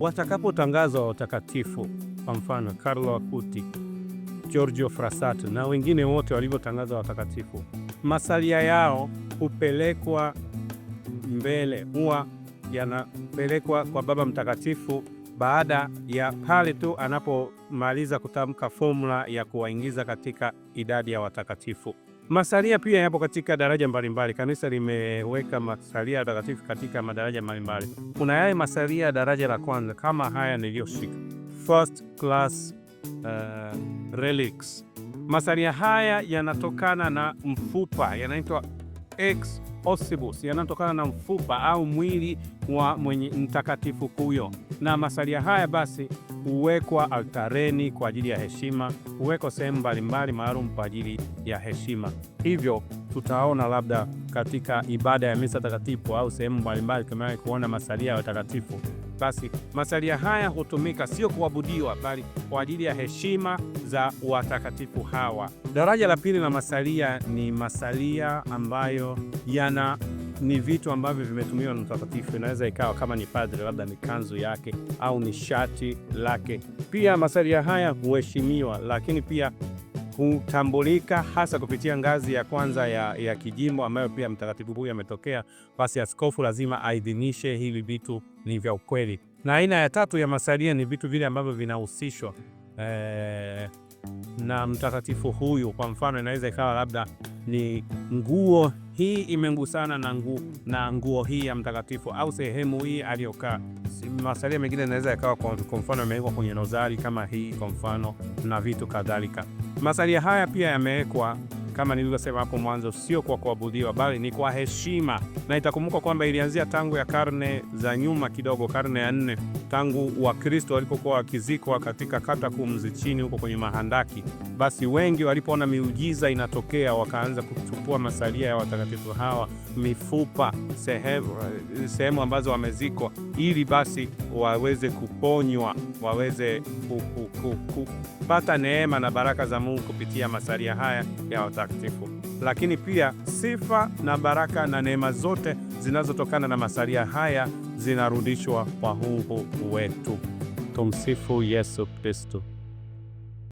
watakapotangazwa watakatifu, kwa mfano Carlo akuti Giorgio Frassati na wengine wote walivyotangazwa watakatifu, masalia yao hupelekwa mbele, huwa yanapelekwa kwa Baba Mtakatifu baada ya pale tu anapomaliza kutamka fomula ya kuwaingiza katika idadi ya watakatifu. Masalia pia yapo katika daraja mbalimbali. Kanisa limeweka masalia takatifu katika madaraja mbalimbali. Kuna yale masalia daraja la kwanza kama haya niliyoshika, first class uh, relics. Masalia haya yanatokana na mfupa, yanaitwa ex ossibus yanayotokana na mfupa au mwili wa mwenye mtakatifu huyo, na masalia haya basi huwekwa altareni kwa ajili ya heshima, huwekwa sehemu mbalimbali maalum kwa ajili ya heshima. Hivyo tutaona labda katika ibada ya misa takatifu au sehemu mbalimbali tumewahi kuona masalia ya watakatifu basi masalia haya hutumika sio kuabudiwa, bali kwa ajili ya heshima za watakatifu hawa. Daraja la pili la masalia ni masalia ambayo yana ni vitu ambavyo vimetumiwa na mtakatifu. Inaweza ikawa kama ni padre, labda ni kanzu yake au ni shati lake. Pia masalia haya huheshimiwa, lakini pia hutambulika hasa kupitia ngazi ya kwanza ya, ya kijimbo ambayo pia mtakatifu huyu ametokea. Basi askofu lazima aidhinishe hivi vitu ni vya ukweli. Na aina ya tatu ya masalia ni vitu vile ambavyo vinahusishwa eh, na mtakatifu huyu. Kwa mfano, inaweza ikawa labda ni nguo hii imegusana na nguo na nguo hii ya mtakatifu au sehemu hii aliyokaa. Masalia mengine inaweza ikawa kwa mfano imewekwa kwenye nozari kama hii kwa mfano na vitu kadhalika. Masalia haya pia yamewekwa kama nilivyosema hapo mwanzo, sio kwa kuabudiwa, bali ni kwa heshima, na itakumbuka kwamba ilianzia tangu ya karne za nyuma kidogo, karne ya nne, tangu Wakristo walipokuwa wakizikwa katika katakumzi chini huko kwenye mahandaki. Basi wengi walipoona miujiza inatokea, wakaanza kuchukua masalia ya watakatifu hawa, mifupa, sehemu, sehemu ambazo wamezikwa, ili basi waweze kuponywa, waweze kupata neema na baraka za Mungu kupitia masalia haya ya watakatifu, lakini pia sifa na baraka na neema zote zinazotokana na masalia haya zinarudishwa kwa Mungu wetu. Tumsifu Yesu Kristo.